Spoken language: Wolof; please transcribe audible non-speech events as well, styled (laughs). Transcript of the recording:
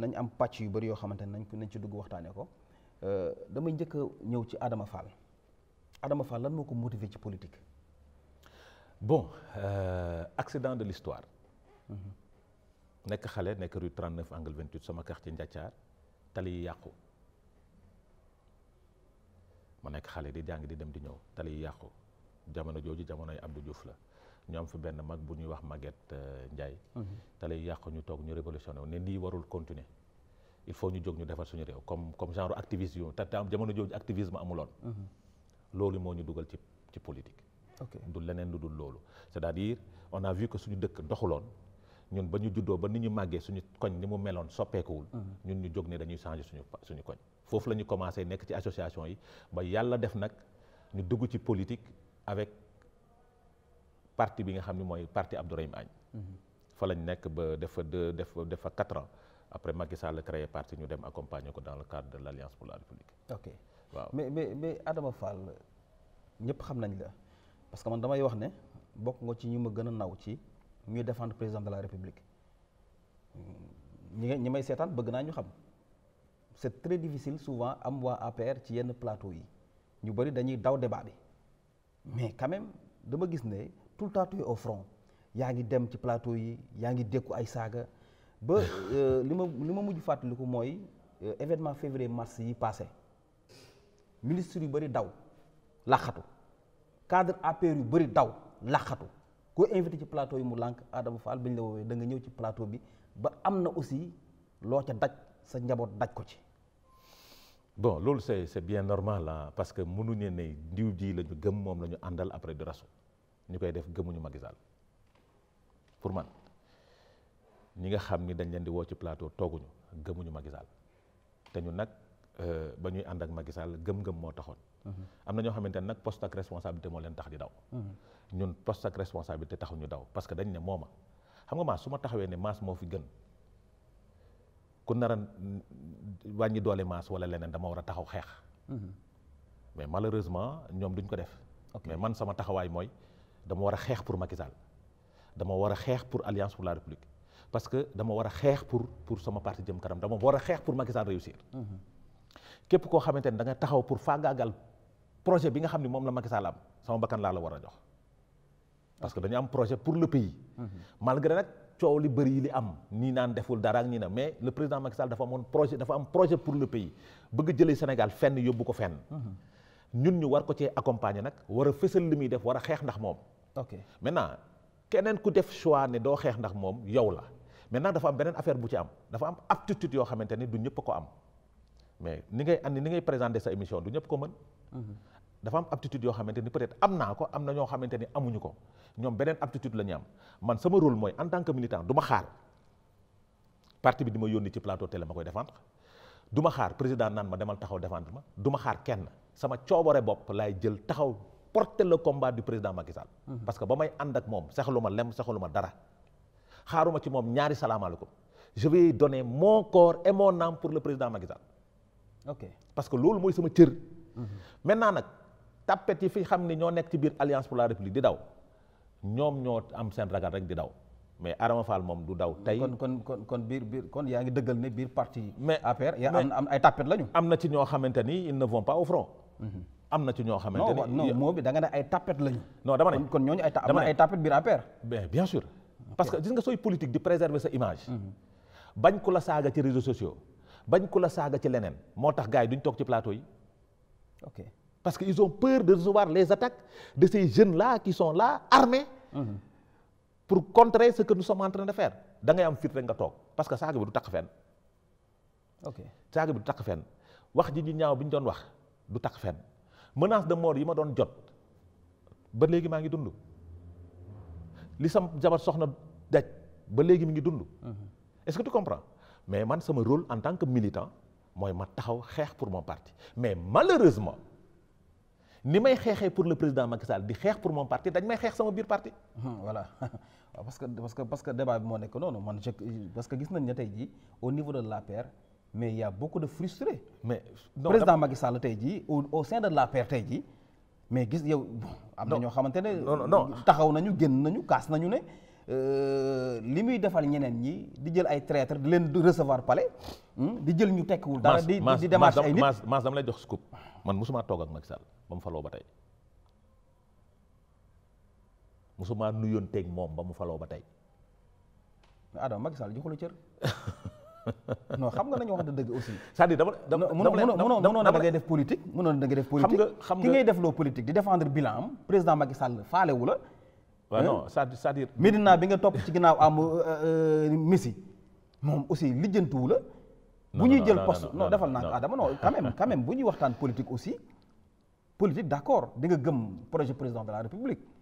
nañ am pàcc yu bari yoo xamante ne nañ ko nañ ci dugg waxtaanee ko euh, damay njëkk a ñëw ci Adama Fall Adama Fall lan moo ko motiver ci politique. bon euh, accident de l'histoire mhm. nekk xale nekk rue 39 angle 28 sama quartier Ndiathiar tali yi yàqu ma nekk xale di jàng di dem di ñëw tali yi yàqu jamono jooju jamonoy Abdou Diouf la ñoom am fi benn mag bu ñuy wax Maguette euh, Ndiaye. Mhm. tale yi yàqu ñu toog ñu révolutionné wu ne lii warul continuer il faut ñu jóg ñu defar suñu réew comme comme genre activiste yu te am jamono jooju activisme amuloon. Mhm. loolu moo ñu dugal ci ci politique. du leneen lu dul loolu. c'est-à-dire on a vu que suñu dëkk doxuloon ñun ba ñu juddoo ba ni ñu màggee suñu koñ ni mu meloon soppeekuwul. Mhm. ñun ñu jóg ne dañuy changer suñu suñu koñ. foofu la ñu commencé nekk ci association yi ba yàlla def nag ñu dugg ci politique avec. parti bi nga xam ne mooy parti Abdourahim Agne mhm. fa lañ nekk ba def deux def defa quatre ans après Macky Sall créé parti ñu dem accompagner ko dans le cadre de l' alliance pour la république. ok waaw mais mais mais Adama Fall ñëpp xam nañ la parce que man damay wax ne bokk nga ci ñu ma gën a naw ci ñuy défendre président de la république ñi ñi may seetaan bëgg naa ñu xam c' est très difficile souvent am waa APR ci yenn plateau yi ñu bëri dañuy daw débat bi mais quand dama gis ne. tout le temps tu au front yaa ngi dem ci plateau yi yaa ngi dékku ay saaga ba (laughs) euh, li ma li ma mujj fàttaliku mooy euh, événement février mars yi passé ministre yu bëri daw laqatu cadre APR yu bari daw laqatu koo invité ci plateau yi mu lànk Adama Fall bi ñu la woowee da nga ñëw ci plateau bi ba am na aussi loo ca daj sa njaboot daj ko ci. bon loolu c'est c'est bien normal là parce que mënuñu ne diw ji la ñu gëm moom la ñu àndal après du rasu. ñu koy def gëmuñu Macky pour man ñi nga xam ni dañ leen di woo ci plateau tooguñu gëmuñu Macky te ñun nag euh, ba ñuy ànd ak Macky Sall gëm-gëm moo taxoon. Mhm. am na ñoo xamante ne nag poste ak responsabilité moo leen tax di daw. Mhm. ñun poste ak responsabilité taxuñu daw parce que dañ ne mooma xam nga maas su ma taxawee ne maas moo fi gën ku nar a wàññi doole maas wala leneen dama war a taxaw xeex. Mhm. mais malheureusement ñoom duñ ko def. mais man sama taxawaay mooy. dama war a xeex pour Macky dama war a xeex pour Alliance pour la République parce que dama war a xeex pour pour sama parti jëm kanam dama war a xeex pour Macky Sall réussir. Mm-hmm. képp koo xamante ne da nga taxaw pour faagaagal projet bi nga xam ne moom la Macky Sall am sama bakkan laa la war a jox. parce que dañu am projet pour le pays. Mm-hmm. malgré nag coow li bëri yi li am nii naan deful dara ak nii na mais le président Macky Sall dafa amoon projet dafa am projet pour le pays bëgg jëlee Sénégal fenn yóbbu ko fenn. Mm-hmm. ñun ñu war ko cee accompagner nag war a li muy def war a xeex ndax moom. ok maintenant keneen ku def choix ne doo xeex ndax moom yow la maintenant dafa am beneen affaire bu ci am dafa am aptitude yoo xamante ni du ñëpp ko am mais ni ngay andi ni ngay présenter sa émission du ñëpp ko mën. Mhm. dafa am aptitude yoo xamante ni peut-être am naa ko am na ñoo xamante ni amuñu ko ñoom beneen aptitude la ñu am man sama rôle mooy en tant que militant du ma xaar partie bi di ma yónni ci plateau télé ma koy défendre du ma xaar président naan ma demal taxaw défendre ma du ma xaar kenn sama coobare bopp laay jël taxaw. porter le combat du président Macky parce que ba may ànd ak moom saxaluma lem saxaluma dara xaaruma ci moom ñaari salaamaaleykum je vais donner mon corps et mon âme pour le président Macky Sall. parce que loolu mooy sama cër. Mhm. maintenant nag tappet yi fi xam ni ñoo nekk ci biir alliance pour la république di daw ñoom ñoo am seen ragal rek di daw. mais Adama Fall moom du daw tey kon kon kon kon biir biir kon yaa ngi dëggal ne biir parti. mais affaire yaa am am ay tàppet lañu. am na ci ñoo xamante ni ils ne vont pas au am na ci ñoo xam ne non moo bi da nga ne ay tapet lañu. non dama ne kon ñooñu ay am na ay tapet biir APR. bien sûr parce que gis nga sooy politique di préserver sa image. Mhm. bañ ku la saaga ci réseaux sociaux bañ ku la saaga ci leneen moo tax gars yi duñ toog ci plateau yi. ok parce que ils ont peur de recevoir les attaques de ces jeunes là qui sont là mhm. pour contrer ce que nous sommes en train de faire da am fit rek nga toog parce que saaga bi du takk fenn. ok saaga bi du takk fenn wax ji ñu ñaaw bi ñu doon wax du takk fenn. menace de more yi ma doon jot ba léegi maa ngi dund li sam jabar soxna daj ba léegi mi ngi dund mm-hmm. est-ce que tu comprends mais man sama rôle en tant que militant mooy ma taxaw xeex pour mon parti mais malheureusement ni may xeexee pour le président Macky Sall di xeex pour mon parti dañ may xeex sama biir parti. Mm-hmm, voilà (laughs) parce que parce que parce que débat bi moo nekk noonu man parce que gis nañ ne tey jii au niveau de l'APR mais il y a beaucoup de mais non, président Macky Sall tey jii au au sein de l'APR tey jii mais gis yow. am na ñoo xamante ne. taxaw nañu génn nañu kaas nañu ne. Euh, li muy defal ñeneen ñi di jël ay traître di leen resevoir pale hmm, di jël ñu tekkiwul dara di di démarche ay nit mas lay jox scoop man mosumaa toog ak Macky Sall ba mu faloo ba tey mosumaa nuyoon teeg moom ba mu faloo ba tey Adama Macky Sall cër (laughs) (laughs) no xam nga nañu wax dëgg aussi. c'est-à-dire dama dama mënoo mënoo da ngay def politique mënoo da ngay def politique. xam nga xam nga ki ngay def loo politique di défendre bilan am président Macky Sall faalewu la. waaw non cest à bi nga topp ci ginnaaw am euh, euh, Messi moom aussi lijjantiwu la. bu ñuy jël poste non defal naa ko Adama non quand même quand bu ñuy waxtaan politique aussi politique d'accord di nga gëm projet président de la République.